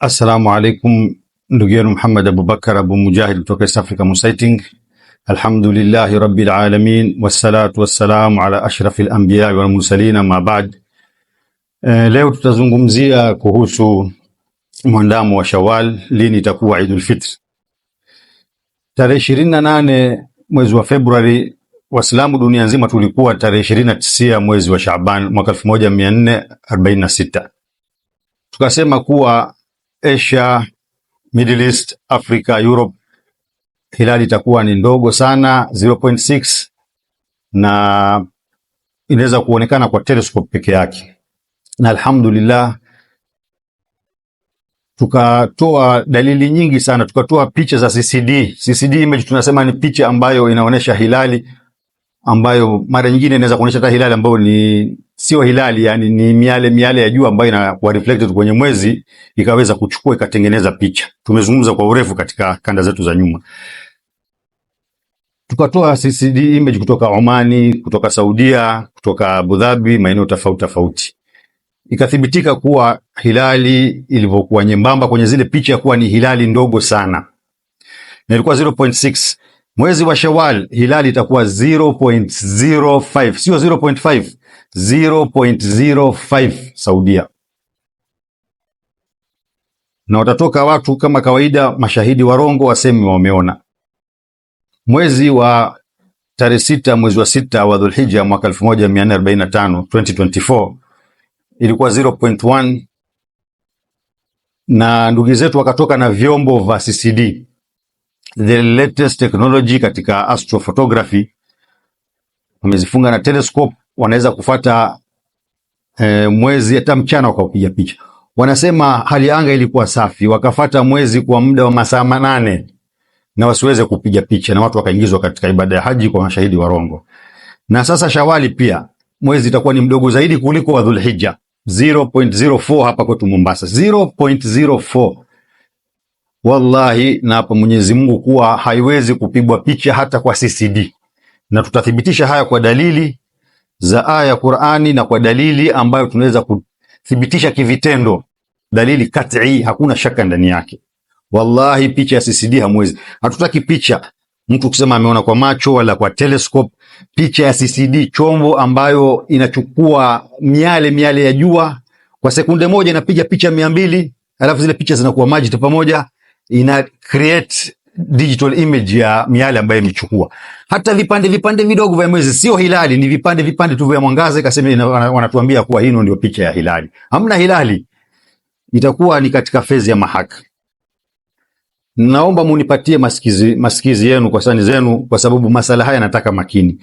Assalamu alaikum, ndugu yenu Muhammad Abubakar Abu Mujahid kutoka East Africa Musaiting. Alhamdulillahi rabbil alamin wassalatu wassalamu ala ashrafil anbiya wal mursalin ma ba'd. E, leo tutazungumzia kuhusu mwandamo wa Shawwal, lini itakuwa Eidul Fitr. Tarehe ishirini na nane mwezi wa Februari, Waislamu dunia nzima tulikuwa tarehe ishirini na tisa mwezi wa Shaaban mwaka 1446 tukasema kuwa Asia, Middle East, Africa, Europe, hilali itakuwa ni ndogo sana 0.6 na inaweza kuonekana kwa telescope peke yake, na alhamdulillah tukatoa dalili nyingi sana, tukatoa picha za CCD. CCD image tunasema ni picha ambayo inaonyesha hilali ambayo mara nyingine inaweza kuonyesha hata hilali ambayo ni sio hilali, yani ni miale miale ya jua ambayo inakuwa reflected kwenye mwezi ikaweza kuchukua ikatengeneza picha. Tumezungumza kwa urefu katika kanda zetu za nyuma. Tukatoa CCD image kutoka Omani, kutoka Saudia, kutoka Abu Dhabi, maeneo tofauti tofauti. Ikathibitika kuwa hilali ilivyokuwa nyembamba kwenye zile picha kuwa ni hilali ndogo sana. Na ilikuwa 0.6. Mwezi wa Shawal hilali itakuwa 0.05, sio 0.05 Saudia, na watatoka watu kama kawaida, mashahidi warongo waseme wameona mwezi wa tarehe sita mwezi wa sita wa Dhulhija mwaka 1445 2024 ilikuwa 0.1 na ndugu zetu wakatoka na vyombo vya CCD the latest technology katika astrophotography, wamezifunga na telescope wanaweza kufata e, eh, mwezi hata mchana wakapiga picha. Wanasema hali anga ilikuwa safi, wakafata mwezi kwa muda wa masaa manane na wasiweze kupiga picha, na watu wakaingizwa katika ibada ya haji kwa mashahidi wa rongo. Na sasa Shawali pia mwezi itakuwa ni mdogo zaidi kuliko wa Dhulhijja 0.04 hapa kwetu Mombasa 0.04. Wallahi, na hapa Mwenyezi Mungu kuwa haiwezi kupigwa picha hata kwa CCD, na tutathibitisha haya kwa dalili za aya ya Qur'ani na kwa dalili ambayo tunaweza kuthibitisha kivitendo, dalili kat'i, hakuna shaka ndani yake. Wallahi, picha ya CCD hamwezi, hatutaki picha mtu kusema ameona kwa macho wala kwa telescope. Picha ya CCD, chombo ambayo inachukua miale miale ya jua kwa sekunde moja inapiga picha mia mbili alafu zile picha zinakuwa maji pamoja, ina create digital image ya miale ambayo imechukua. Hata vipande vipande vidogo vya mwezi, sio hilali, ni vipande vipande tu vya mwangaza, ikasema wanatuambia kuwa hino ndio picha ya hilali. Hamna hilali, itakuwa ni katika fezi ya mahaka. Naomba munipatie masikizi, masikizi yenu kwa sani zenu, kwa sababu masala haya nataka makini.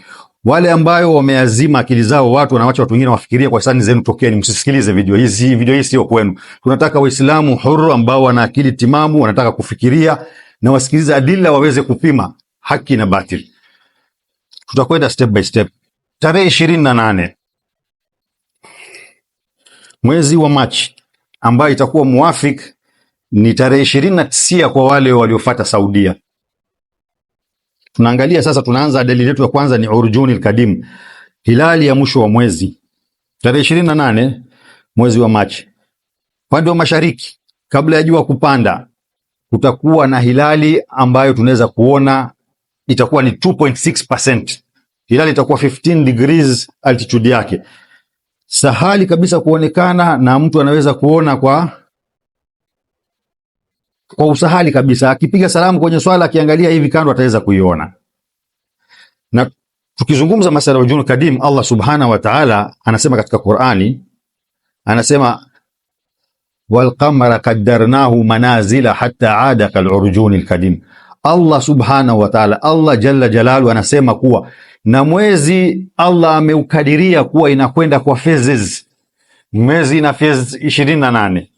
Wale ambayo wameazima akili zao, watu wanawacha watu wengine wafikirie kwa sani zenu, tokeni msisikilize video hizi. Video hii sio kwenu. Tunataka Waislamu huru ambao wana akili timamu, wanataka kufikiria na wasikilize adila waweze kupima haki na batili. Tutakwenda step by step. Tarehe ishirini na nane mwezi wa Machi ambayo itakuwa muafik ni tarehe ishirini na tisia kwa wale waliofata Saudia. Tunaangalia sasa, tunaanza dalili yetu ya kwanza ni urjuni alkadim, hilali ya mwisho wa mwezi, tarehe ishirini na nane mwezi wa Machi, upande wa mashariki kabla ya jua kupanda kutakuwa na hilali ambayo tunaweza kuona itakuwa ni 2.6%. Hilali itakuwa 15 degrees altitude yake, sahali kabisa kuonekana na mtu anaweza kuona kwa kwa usahali kabisa, akipiga salamu kwenye swala, akiangalia hivi kando ataweza kuiona. Na tukizungumza masala ya Ujul Kadim, Allah subhanahu wa ta'ala anasema katika Qur'ani, anasema walqamara qaddarnahu manazila hatta ada kalurujuni lkadim. Allah subhanahu wa ta'ala, Allah jalla jalalu anasema kuwa na mwezi Allah ameukadiria kuwa inakwenda kwa phases. Mwezi ina phases ishirini na nane.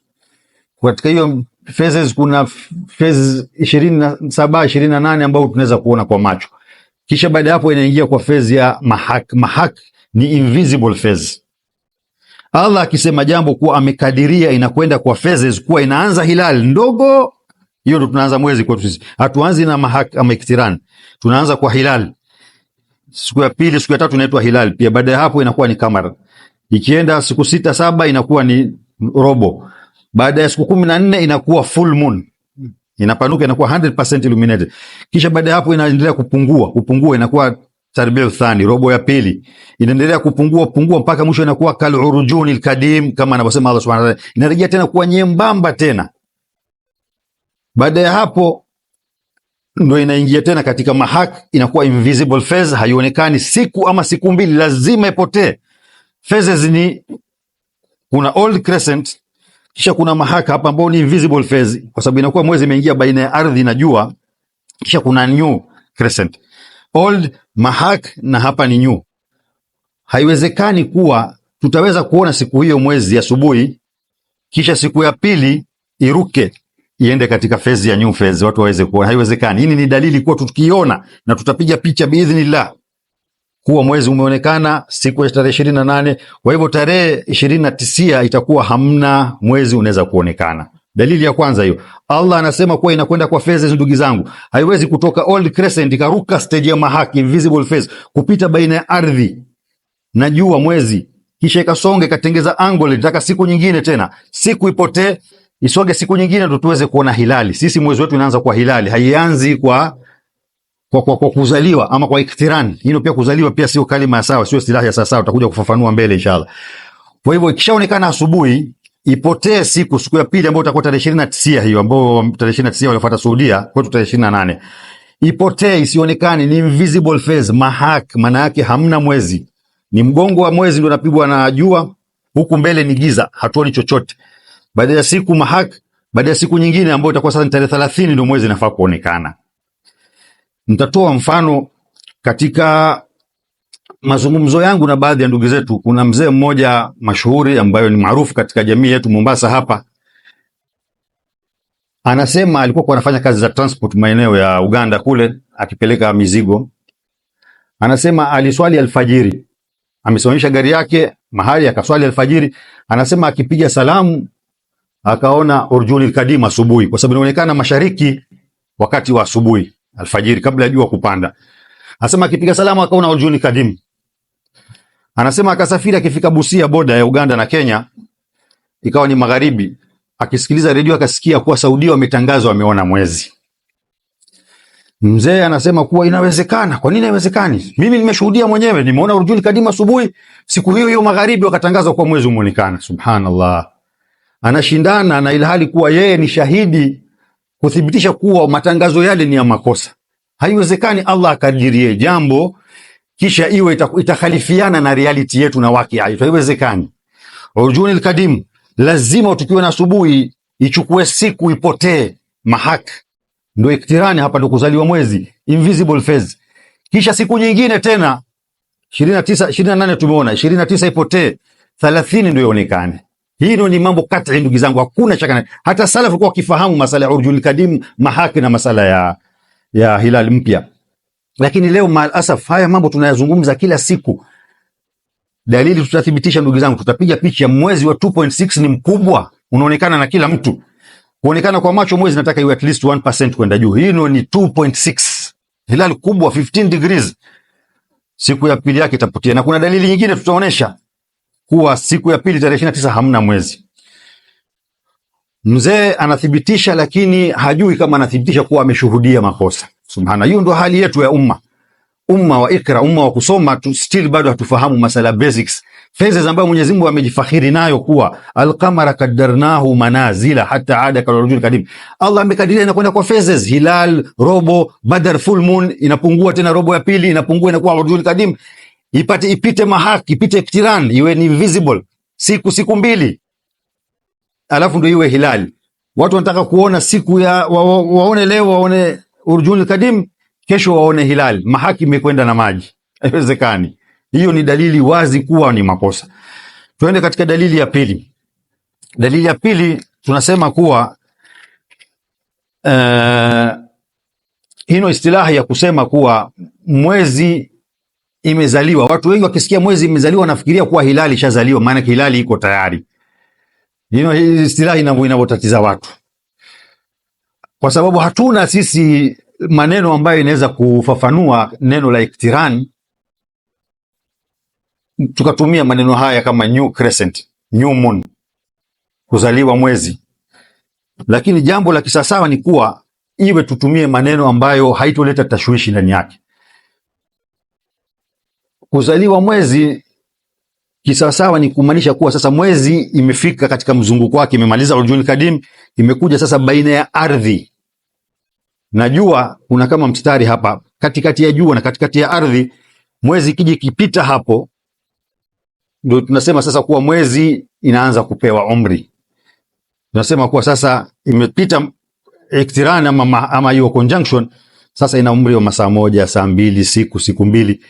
Katika hiyo phases kuna phases ishirini na saba ishirini na nane ambayo tunaweza kuona kwa macho, kisha baada ya hapo inaingia kwa phase ya mahak. Mahak ni invisible phase Allah akisema jambo kuwa amekadiria inakwenda kwa phases, kuwa inaanza hilal ndogo, hiyo ndo tunaanza mwezi kwetu sisi. Hatuanzi na mahakama iktirani, tunaanza kwa hilal. Siku ya pili, siku ya tatu inaitwa hilal pia. Baada ya hapo inakuwa ni kamar, ikienda siku sita saba inakuwa ni robo, baada ya siku kumi na nne inakuwa full moon inapanuka, inakuwa 100% illuminated, kisha baada ya hapo inaendelea kupungua kupungua, inakuwa Tarbil thani, robo ya pili inaendelea kupungua pungua mpaka mwisho inakuwa kal urujuni lkadim, kama anavyosema Allah subhanahu wa ta'ala, inarejea tena kuwa nyembamba tena. Baada ya hapo ndo inaingia tena katika mahak, inakuwa invisible phase, haionekani siku ama siku mbili, lazima ipotee. Phases ni kuna old crescent, kisha kuna mahak hapa ambao ni invisible phase, kwa sababu inakuwa mwezi imeingia baina ya ardhi na jua, kisha kuna new crescent old mahak na hapa ni new. Haiwezekani kuwa tutaweza kuona siku hiyo mwezi asubuhi, kisha siku ya pili iruke iende katika fezi ya new fezi, watu waweze kuona. Haiwezekani. Hii ni dalili kuwa tukiona na tutapiga picha biidhnillah kuwa mwezi umeonekana siku ya tarehe ishirini na nane. Kwa hivyo tarehe ishirini na tisia itakuwa hamna mwezi unaweza kuonekana. Dalili ya kwanza hiyo, Allah anasema kuwa inakwenda kwa phase hizo, ndugu zangu, haiwezi kutoka old crescent ikaruka stage ya mahaki invisible phase, kupita baina ya ardhi na jua mwezi, kisha ikasonge ikatengeza angle, itaka siku nyingine tena, siku ipotee isonge siku nyingine ndo tuweze kuona hilali. Sisi mwezi wetu inaanza kwa hilali, haianzi kwa kwa, kwa, kwa kuzaliwa ama kwa iktiran. Hino pia kuzaliwa pia sio kalima ya sawa, sio silaha ya sawa. Utakuja kufafanua mbele inshallah. Kwa hivyo ikishaonekana asubuhi ipotee siku siku ya pili ambayo itakuwa tarehe ishirini na tisa hiyo ambayo tarehe ishirini na tisa walifuata Saudia kwetu tarehe ishirini na nane ipotee isionekane, ni invisible phase mahak, maana yake hamna mwezi, ni mgongo wa mwezi ndio unapigwa na jua, huku mbele ni giza, hatuoni chochote. Baada ya siku mahak, baada ya siku nyingine ambayo itakuwa sasa ni tarehe 30 ndio mwezi nafaa kuonekana. Nitatoa mfano katika mazungumzo yangu na baadhi ya ndugu zetu, kuna mzee mmoja mashuhuri ambayo ni maarufu katika jamii yetu Mombasa hapa, anasema alikuwa anafanya kazi za transport maeneo ya Uganda kule, akipeleka mizigo. Anasema aliswali alfajiri, amesimamisha gari yake mahali akaswali alfajiri. Anasema akipiga salamu akaona urjuli kadima asubuhi, kwa sababu inaonekana mashariki wakati wa asubuhi alfajiri, kabla ya jua kupanda. Anasema akipiga salamu akaona urjuli kadima Anasema akasafiri akifika Busia, boda ya Uganda na Kenya, ikawa ni magharibi, akisikiliza redio akasikia kuwa Saudi wametangazwa wameona mwezi. Mzee anasema kuwa inawezekana. Kwa nini haiwezekani? Mimi nimeshuhudia mwenyewe, nimeona Rujul Kadima asubuhi, siku hiyo hiyo magharibi wakatangazwa kuwa mwezi umeonekana. Subhanallah, anashindana na ilhali kuwa yeye ni shahidi kuthibitisha kuwa matangazo yale ni ya makosa. Haiwezekani Allah akajirie jambo kisha iwe itakhalifiana na reality yetu na wakia yetu, haiwezekani. Urjuni lkadimu, lazima tukiwe na asubuhi ichukue siku ipotee. Mahak ndo iktirani hapa, ndio kuzaliwa mwezi, invisible phase. Kisha siku nyingine tena 29 28, tumeona 29 ipotee, 30 ndo ionekane. Hilo ni mambo kat'i, ndugu zangu, hakuna shaka. Hata salafu kwa kifahamu masala ya urjuni lkadimu, mahaki na masala ya, ya hilal mpya lakini leo maalasaf, haya mambo tunayazungumza kila siku. Dalili tutathibitisha, ndugu zangu, tutapiga picha. Mwezi wa 2.6 ni mkubwa, unaonekana na kila mtu, kuonekana kwa macho mwezi nataka iwe at least 1% kwenda juu. Hii ni 2.6, hilali kubwa 15 degrees. Siku ya pili yake itapotea, na kuna dalili nyingine tutaonesha kuwa siku ya pili tarehe 29 hamna mwezi. Mzee anathibitisha, lakini hajui kama anathibitisha kuwa ameshuhudia makosa subhana. Hiyo ndo hali yetu ya umma, umma wa ikra, umma wa kusoma tu, still bado hatufahamu masala basics phases ambayo Mwenyezi Mungu amejifakhiri nayo kuwa alqamara kaddarnahu manazila hata ada kalrajul kadim. Allah amekadiria inakwenda kwa phases, hilal, robo, badar, full moon, inapungua tena robo ya pili inapungua, inakuwa rujul kadim, ipate ipite mahak ipite iktiran, iwe ni visible siku siku mbili, alafu ndio iwe hilali. Watu wanataka kuona siku ya wa, wa, waone leo waone urjul kadim, kesho waone hilali. Mahaki imekwenda na maji, haiwezekani. Hiyo ni dalili wazi kuwa ni makosa. Tuende katika dalili ya pili. Dalili ya pili tunasema kuwa uh, hino istilahi ya kusema kuwa mwezi imezaliwa. Watu wengi wakisikia mwezi imezaliwa wanafikiria kuwa hilali ishazaliwa, maana hilali iko tayari. Hino istilahi inavyotatiza watu kwa sababu hatuna sisi maneno ambayo inaweza kufafanua neno la iktirani, tukatumia maneno haya kama new crescent, new moon, kuzaliwa mwezi. Lakini jambo la kisasawa ni kuwa iwe tutumie maneno ambayo haitoleta tashwishi ndani yake. Kuzaliwa mwezi kisawasawa ni kumaanisha kuwa sasa mwezi imefika katika mzunguko wake, imemaliza Rujul Kadim, imekuja sasa baina ya ardhi na jua kuna kama mstari hapa katikati ya jua na katikati ya ardhi. Mwezi kiji kipita hapo, ndio tunasema sasa kuwa mwezi inaanza kupewa umri. Tunasema kuwa sasa imepita iktirani ama, ama hiyo conjunction sasa ina umri wa masaa moja, saa mbili, siku siku mbili,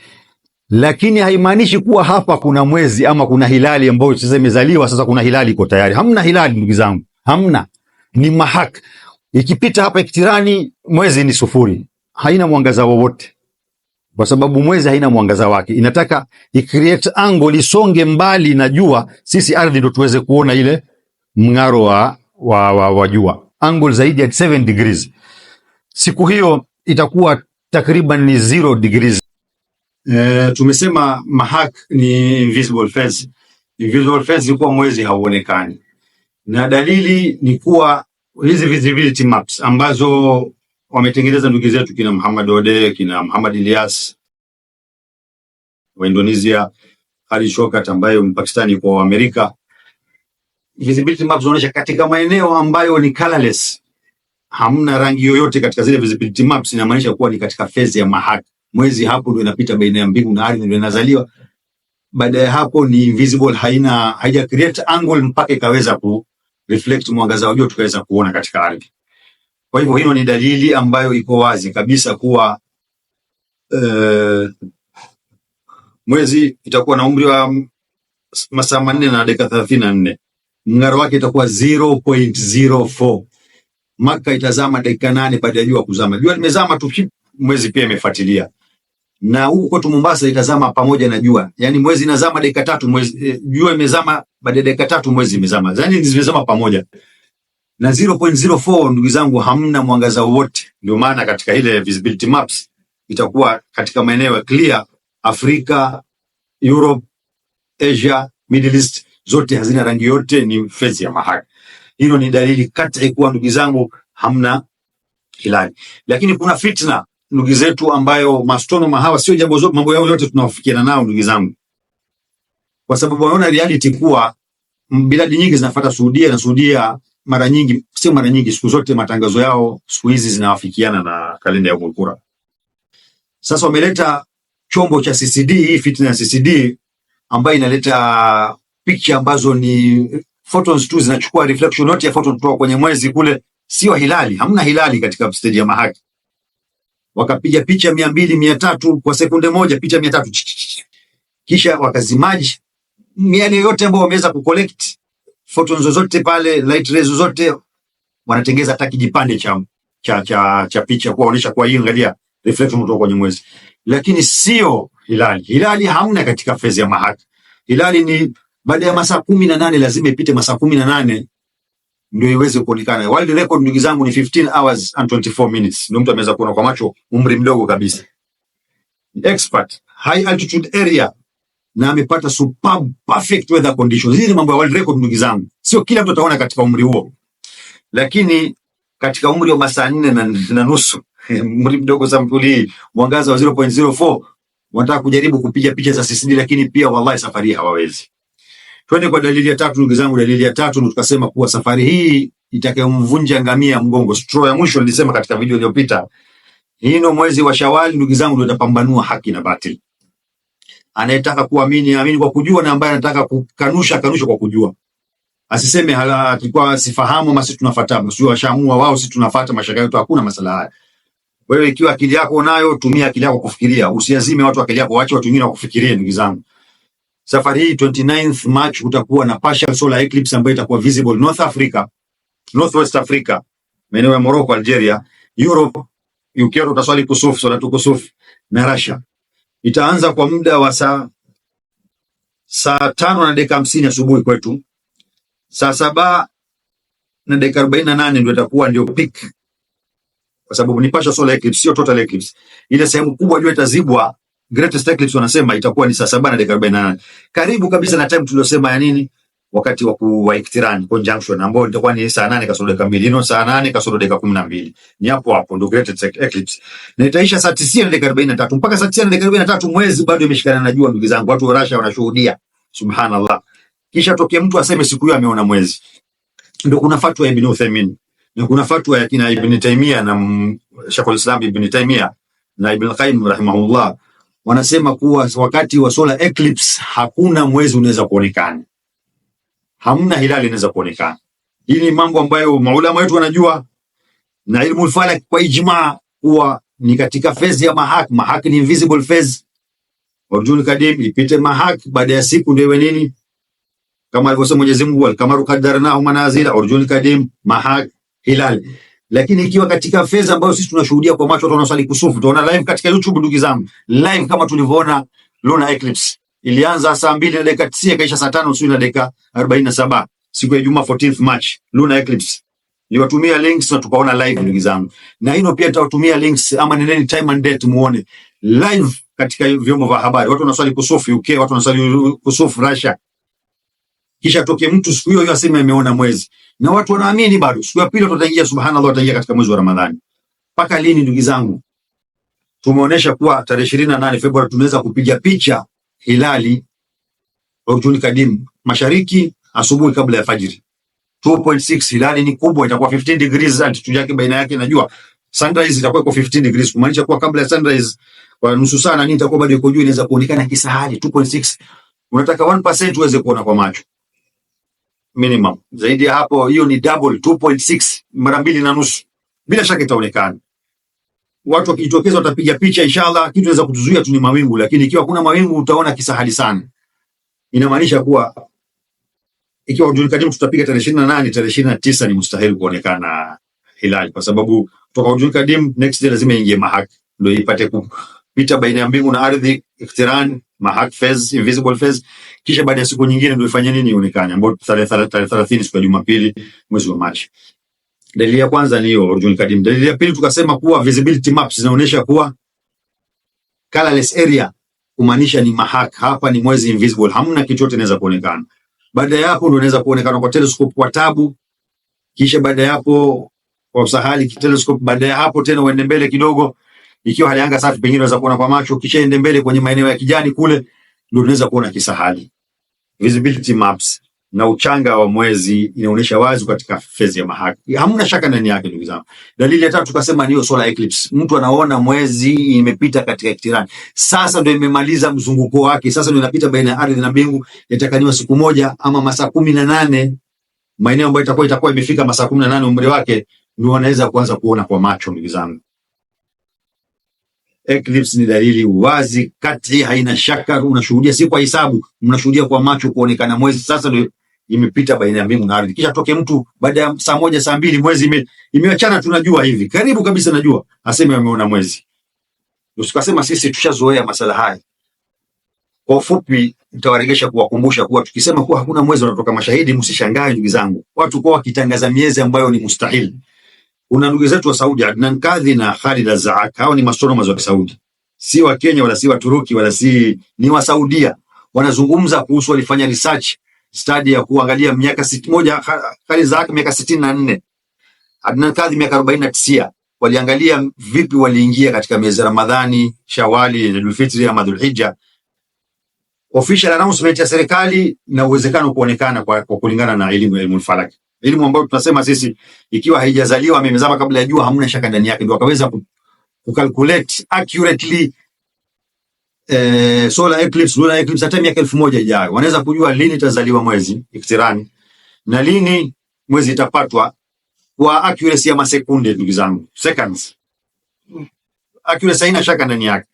lakini haimaanishi kuwa hapa kuna mwezi ama kuna hilali ambayo sasa imezaliwa. Sasa kuna hilali iko tayari. Hamna hilali ndugu zangu, hamna, ni mahak Ikipita hapa ikitirani, mwezi ni sufuri, haina mwangaza wowote, kwa sababu mwezi haina mwangaza wake. Inataka icreate angle, isonge mbali na jua, sisi ardhi ndo tuweze kuona ile mng'aro wa, wa, wa, wa jua, angle zaidi ya 7 degrees. Siku hiyo itakuwa takriban ni 0 degrees. E, tumesema mahak ni invisible phase. Invisible phase ni kuwa mwezi hauonekani, na dalili ni kuwa hizi visibility maps ambazo wametengeneza ndugu zetu kina Muhammad Ode, kina Muhammad Ilyas wa Indonesia, Ali Shokat ambaye Pakistani kwa Amerika. Visibility maps zinaonyesha katika maeneo ambayo ni colorless, hamna rangi yoyote katika zile visibility maps, inamaanisha kuwa ni katika phase ya mahaka. Mwezi hapo ndio inapita baina ya mbingu na ardhi, ndio inazaliwa. Baada ya hapo ni invisible, haina haija create angle mpaka ikaweza ku reflect mwangaza wa jua tukaweza kuona katika ardhi. Kwa hivyo hino ni dalili ambayo iko wazi kabisa kuwa uh, mwezi itakuwa na umri wa masaa manne na dakika thelathini na nne mng'aro wake itakuwa 0.04. Maka itazama dakika nane baada ya jua kuzama. Jua limezama tu, mwezi pia imefuatilia na huku kwetu Mombasa itazama pamoja na jua, yani mwezi inazama dakika tatu, mwezi e, jua imezama baada ya dakika tatu, mwezi imezama, yani zimezama pamoja na 0.04. Ndugu zangu, hamna mwangaza wote, ndio maana katika ile visibility maps itakuwa katika maeneo ya clear, Afrika, Europe, Asia, Middle East zote hazina rangi, yote ni fezi ya mahali. Hilo ni dalili kati kuwa, ndugu zangu, hamna hilali, lakini kuna fitna ndugu zetu ambayo mastono mahawa sio jambo zote, mambo yao yote tunawafikiana nao ndugu zangu, kwa sababu wanaona reality kuwa biladi nyingi zinafuata Saudia na Saudia mara nyingi, sio mara nyingi, siku zote matangazo yao siku hizi zinawafikiana na kalenda ya kukura. Sasa wameleta chombo cha CCD, hii fitna ya CCD ambayo inaleta picha ambazo ni photons tu, zinachukua reflection yote ya photon kutoka kwenye mwezi kule, sio hilali, hamna hilali katika stadium ya Mahaki wakapiga picha mia mbili mia tatu kwa sekunde moja, picha mia tatu kisha wakazimaji miale yote ambayo wameweza kucollect photons zozote pale, light rays zozote, wanatengeza hata kijipande cha, cha, cha, cha picha kuwaonyesha kwa hii, angalia reflection kutoka kwenye mwezi, lakini sio hilali. Hilali hamna katika phase ya mahaka. Hilali ni baada ya masaa kumi na nane lazima ipite masaa kumi na nane ndio iweze kuonekana. World record ndugu zangu ni 15 hours and 24 minutes. Ndio mtu ameweza kuona kwa macho, umri mdogo kabisa. Expert high altitude area na amepata superb perfect weather conditions. Hizi ni mambo ya world record ndugu zangu, sio kila mtu ataona katika umri huo, lakini katika umri wa masaa nne na nusu umri mdogo sampuli hii, mwangaza wa 0.04 wanataka kujaribu kupiga picha za CCD, lakini pia wallahi safari hawawezi. Twende kwa dalili ya tatu, ndugu zangu. Dalili ya tatu ndo tukasema kuwa safari hii itakayomvunja ngamia mgongo, straw ya mwisho nilisema katika video iliyopita. Hii Hino mwezi wa Shawali, ndugu zangu, ndio utapambanua haki na batili. Anayetaka kuamini amini kwa kujua, na ambaye anataka kukanusha kanusha kwa kujua, asiseme hala atakuwa sifahamu ama sisi tunafuata, sio washamua wao, sisi tunafuata mashaka yetu. Hakuna masala haya. Wewe ikiwa akili yako unayo, tumia akili yako kufikiria, usiazime watu akili yako, waache watu wengine wakufikirie, ndugu zangu. Safari hii 29th March kutakuwa na partial solar eclipse ambayo itakuwa visible North Africa, Northwest Africa, maeneo ya Morocco, Algeria, Europe, ukiwa utaswali kusufu swala tu na Russia. Itaanza kwa muda wa saa saa tano na dakika hamsini asubuhi kwetu, saa saba na dakika arobaini na nane ndio itakuwa ndio peak, kwa sababu ni partial solar eclipse, sio total eclipse. Ile sehemu kubwa jua itazibwa greatest tactics wanasema itakuwa ni saa saba na dakika arobaini na nane karibu kabisa na time tuliosema ya nini wakati wa kuwaiktirani conjunction ambao itakuwa ni saa nane kasoro dakika mbili ino saa nane kasoro dakika kumi na mbili ni hapo hapo ndo greatest eclipse na itaisha saa tisini na dakika arobaini na tatu mpaka saa tisini na dakika arobaini na tatu mwezi bado imeshikana na jua ndugu zangu watu wa Russia wanashuhudia subhanallah kisha tokea mtu aseme siku hiyo ameona mwezi ndo kuna fatwa ya Ibn Uthaymeen na kuna fatwa ya kina Ibn Taymiyyah na Sheikh al-Islam Ibn Taymiyyah na Ibn Qayyim rahimahullah wanasema kuwa wakati wa solar eclipse hakuna mwezi unaweza kuonekana, hamna hilali inaweza kuonekana. Hii ni mambo ambayo maulama wetu wanajua na ilmu falak kwa ijma kuwa ni katika phase ya mahak. Mahak ni invisible phase, Arjun Kadim ipite mahak, baada ya siku ndio iwe nini, kama alivyosema Mwenyezi Mungu, al kamaru kadarnahu manazila, Arjun Kadim, mahak, hilali lakini ikiwa katika fedha ambayo sisi tunashuhudia kwa macho, watu wanaswali kusufu. Tunaona live katika YouTube, ndugu zangu, live kama tulivyoona Luna Eclipse ilianza saa mbili na dakika tisa ikaisha saa tano usiku na dakika arobaini na saba siku ya Ijumaa 14th March, Luna Eclipse niwatumia links na tukaona live ndugu zangu, na hino pia tutawatumia links ama nendeni time and date muone live katika vyombo vya habari. Watu wanaswali kusufu UK, watu wanaswali kusufu Russia, kisha toke mtu siku hiyo hiyo aseme ameona mwezi, na watu wanaamini bado. Siku ya pili watu wataingia, subhanallah, wataingia katika mwezi wa Ramadhani. Mpaka lini, ndugu zangu? Tumeonesha kuwa tarehe ishirini na nane Februari tumeweza kupiga picha hilali wa ujuni kadimu mashariki asubuhi kabla ya fajiri 2.6 hilali ni kubwa, itakuwa 15 degrees altitude yake baina yake na jua. Sunrise itakuwa iko 15 degrees, kumaanisha kuwa kabla ya sunrise kwa nusu saa na nini itakuwa bado iko juu, inaweza kuonekana kisahali 2.6. Unataka 1% uweze kuona kwa macho minimum. Zaidi ya hapo, hiyo ni double 2.6 mara mbili na nusu, bila shaka itaonekana. Watu wakijitokeza watapiga picha inshallah. Kitu inaweza kutuzuia tu ni mawingu, lakini ikiwa kuna mawingu utaona kisahali sana. Inamaanisha kuwa ikiwa Hujul Karimu tutapiga tarehe ishirini na nane tarehe ishirini na tisa ni mustahili kuonekana hilali, kwa sababu kutoka Hujul Karimu next day lazima ingie mahaki ndio ipate kupita baina ya mbingu na ardhi, ikhtiran mahak phase, invisible phase, kisha baada ya siku nyingine ndio ifanye nini ionekane, ambapo tarehe 30 siku ya Jumapili mwezi wa Machi. Dalili ya kwanza ni hiyo Orjun Kadim. Dalili ya pili tukasema kuwa visibility maps zinaonyesha kuwa colorless area, kumaanisha ni mahak hapa, ni mwezi invisible, hamna kitu chote inaweza kuonekana. Baada ya hapo ndio inaweza kuonekana kwa telescope kwa tabu, kisha baada ya hapo kwa usahali telescope. Baada ya hapo tena uende mbele kidogo ikiwa hali anga safi, pengine unaweza kuona kwa macho. Ukishaende mbele kwenye maeneo ya kijani kule, ndio tunaweza kuona kisahali. Visibility maps na uchanga wa mwezi inaonyesha wazi katika fezi ya Mahaka, hamna shaka ndani yake, ndugu zangu. Dalili ya tatu tukasema ni hiyo solar eclipse, mtu anaona mwezi imepita katika iktirani. Sasa ndio imemaliza mzunguko wake, sasa ndio inapita baina ya ardhi na mbingu. Itakaniwa siku moja ama masaa kumi na nane maeneo ambayo itakuwa itakuwa imefika masaa kumi na nane umri wake, ndio wanaweza kuanza kuona kwa macho, ndugu zangu. Eclipse ni dalili wazi kati, haina shaka. Unashuhudia si kwa hisabu, unashuhudia kwa macho, kuonekana mwezi. Sasa ndio imepita baina ya mbingu na ardhi, kisha toke mtu baada ya saa moja saa mbili mwezi ime, imeachana. Tunajua hivi karibu kabisa, najua aseme ameona mwezi. Usikasema sisi tushazoea masala haya. Kwa ufupi, nitawaregesha kuwakumbusha kuwa tukisema kuwa hakuna mwezi unatoka mashahidi, msishangae ndugu zangu, watu kwa wakitangaza miezi ambayo ni mustahili kuna ndugu zetu wa Saudi, Adnan Kadhi na Khalid Azak, hao ni masonomas wa Saudi, si wa Kenya wala si wa Turuki wala si, ni wa Saudia. Wanazungumza kuhusu, walifanya research study ya kuangalia miaka moja, Khalid Azak miaka sitini na nne Adnan Kadhi miaka arobaini na tisa waliangalia vipi waliingia katika miezi ya Ramadhani, Shawali, Idul Fitri ama Dhul Hijja. Official announcement ya serikali na uwezekano kuonekana kwa, kwa kulingana na elimu ya ilmu falaki elimu ambayo tunasema sisi ikiwa haijazaliwa amemezama kabla ya jua, hamna shaka ndani yake, ndio akaweza kucalculate accurately eh, solar eclipse, lunar eclipse hata miaka elfu moja ijayo wanaweza kujua lini itazaliwa mwezi iktirani na lini mwezi itapatwa kwa accuracy ya masekunde, ndugu zangu, seconds. Accuracy haina shaka ndani yake.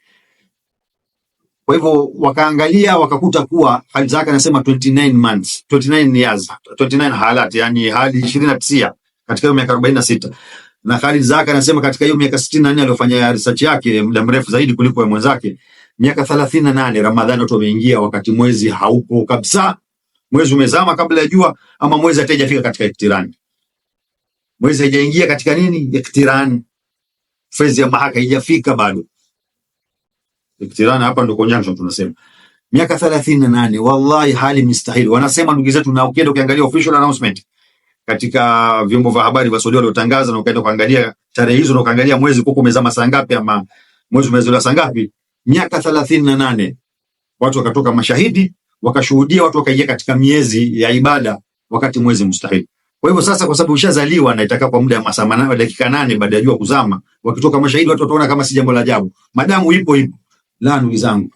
Kwa hivyo wakaangalia wakakuta kuwa Khalizak anasema 29 months, 29 years, 29 halat, yani hali 29 katika hiyo miaka 46 na Khalizak anasema katika hiyo miaka 64 aliyofanya research yake muda mrefu zaidi kuliko mwenzake miaka 38 Ramadhani watu wameingia wakati mwezi haupo kabisa, mwezi umezama kabla ya jua, ama mwezi haijafika katika iktirani, mwezi haijaingia katika nini iktirani, fezi ya mahaka haijafika bado. Iktirana hapa ndo konyanzo tunasema. Miaka 38 wallahi hali mistahili. Wanasema ndugu zetu, na ukienda ukiangalia official announcement katika vyombo vya habari vya Saudi waliotangaza, na ukaenda kuangalia tarehe hizo na ukaangalia mwezi kuko umezama saa ngapi ama mwezi umezama saa ngapi, miaka 38 watu wakatoka mashahidi wakashuhudia, watu wakaingia katika miezi ya ibada, wakati mwezi mustahili. Kwa hivyo sasa, kwa sababu ushazaliwa na itakaa kwa muda wa masaa manane dakika nane baada ya jua kuzama, wakitoka mashahidi watu wataona kama si jambo la ajabu, madamu ipo ipo la ndugu zangu,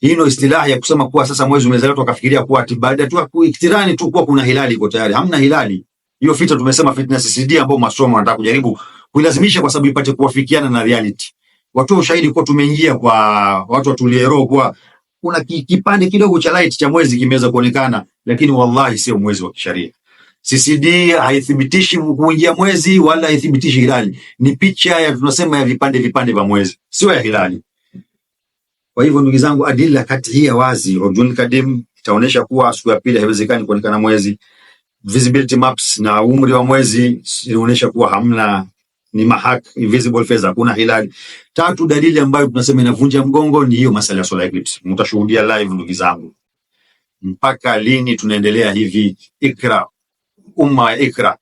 hino istilahi ya kusema kuwa sasa mwezi umezaliwa, tukafikiria kuwa ati baada tu iktirani tu kuwa kuna hilali iko tayari. Hamna hilali hiyo. Fitna tumesema fitna CCD ambao masomo wanataka kujaribu kuilazimisha kwa sababu ipate kuwafikiana na reality. Watu ushahidi kwa tumeingia kwa watu watulie roho kwa kuna kipande kidogo cha light cha mwezi kimeweza kuonekana, lakini wallahi sio mwezi wa kisharia. CCD haithibitishi kuingia mwezi wala haithibitishi hilali, ni picha ya tunasema ya vipande vipande vya mwezi, sio ya hilali. Kwa hivyo ndugu zangu, adila kati hii ya wazi, urjun kadim itaonesha kuwa siku ya pili haiwezekani kuonekana mwezi. Visibility maps na umri wa mwezi inaonesha kuwa hamna, ni mahak invisible phase, hakuna hilali. Tatu, dalili ambayo tunasema inavunja mgongo ni hiyo masala ya solar eclipse. Mtashuhudia live ndugu zangu. Mpaka lini tunaendelea hivi? Ikra, umma ya Ikra,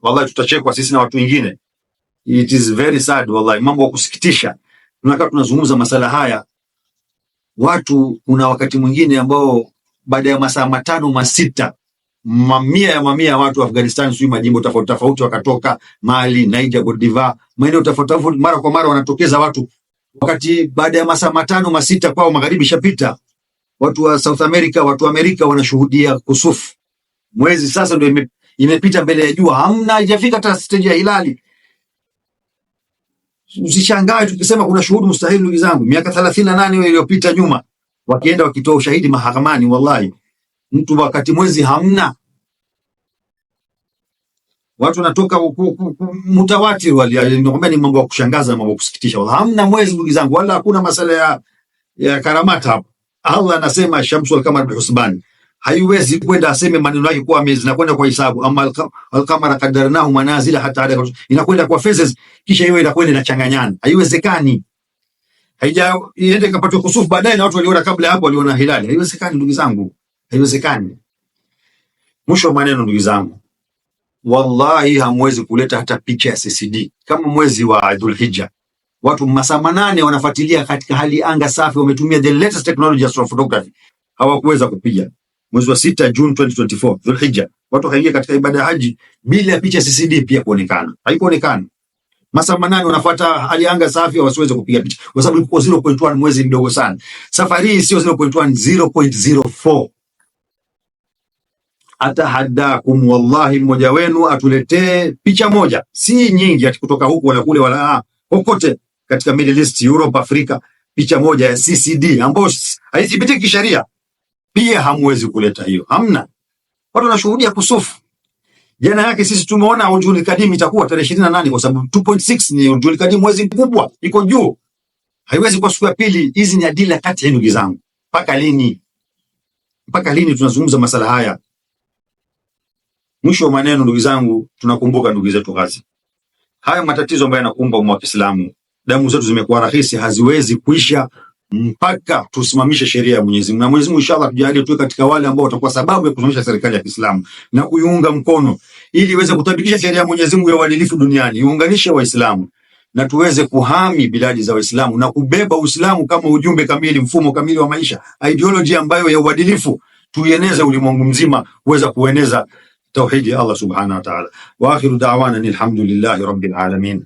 wallahi tutachekwa sisi na watu wengine. It is very sad, wallahi, mambo ya kusikitisha. Tunakaa tunazungumza masala haya watu kuna wakati mwingine ambao baada ya masaa matano masita mamia ya mamia ya watu wa Afghanistan, sijui majimbo tofauti tofauti, wakatoka Mali, Niger, Cote d'Ivoire, maeneo tofauti tofauti, mara kwa mara wanatokeza watu, wakati baada ya masaa matano masita kwao magharibi shapita, watu wa South America, watu wa Amerika wanashuhudia kusufu mwezi sasa, ndio imepita mbele ya jua, hamna haijafika hata stage ya hilali, Usishangae tukisema kuna shuhudi mustahili, ndugu zangu, miaka thelathini na nane iliyopita nyuma, wakienda wakitoa ushahidi mahakamani, wallahi mtu wakati mwezi hamna, watu wanatoka mutawatir, waliambia ni mambo ya kushangaza, mambo ya kusikitisha. Hamna mwezi ndugu zangu, wala hakuna masala ya, ya karamata hapa. Allah anasema shamsu wal bihusbani haiwezi kwenda aseme maneno yake kuwa zinakwenda kwa hisabu, ama alqamara qadarnahu manazila hata inakwenda kwa phases, kisha hiyo inakwenda inachanganyana. Haiwezekani, haija iende kapatwa kusuf baadaye na watu waliona kabla hapo waliona hilali. Haiwezekani ndugu zangu, haiwezekani. Mwisho wa maneno ndugu zangu, wallahi hamwezi kuleta hata picha ya CCD kama mwezi wa Dhulhijja watu masaa manane wanafuatilia katika hali anga safi, wametumia the latest technology ya astrophotography hawakuweza kupiga mwezi wa sita Juni 2024 Dhulhijja, watu wakaingia katika ibada ya haji bila ya picha CCD pia kuonekana, haikuonekana. Masaa manane wanafuata hali anga safi, wasiweze kupiga picha kwa sababu ilikuwa 0.1, mwezi mdogo sana. Safari hii sio 0.1, 0.04. Atahadakum, wallahi, mmoja wenu atuletee picha moja, si nyingi, ati kutoka huku wala kule wala ah, kokote katika Middle East, Europe, Afrika, picha moja ya CCD ambayo haithibitiki kisheria pia hamwezi kuleta hiyo, hamna watu wanashuhudia kusufu. Jana yake sisi tumeona Aujul Kadim itakuwa tarehe ishirini na nane kwa sababu 2.6 ni Aujul Kadim, mwezi mkubwa, iko juu, haiwezi kwa siku ya pili. Hizi ni adila kati ya ndugu zangu, mpaka lini? Mpaka lini tunazungumza masala haya? Mwisho wa maneno, ndugu zangu, tunakumbuka ndugu zetu Ghazi, haya matatizo ambayo yanakumba umma wa Kiislamu. Damu zetu zimekuwa rahisi, haziwezi kuisha mpaka tusimamishe sheria ya Mwenyezi Mungu. Na Mwenyezi Mungu inshallah tujalie tuwe katika wale ambao watakuwa sababu ya kusimamisha serikali ya Kiislamu na kuiunga mkono ili iweze kutabikisha sheria ya Mwenyezi Mungu ya uadilifu duniani, iunganishe Waislamu na tuweze kuhami biladi za Waislamu na kubeba Uislamu kama ujumbe kamili, mfumo kamili wa maisha, ideology ambayo ya uadilifu tuieneze ulimwengu mzima kuweza kueneza tauhidi ya Allah subhanahu wa ta'ala. Wa akhiru da'wana alhamdulillahi rabbil alamin.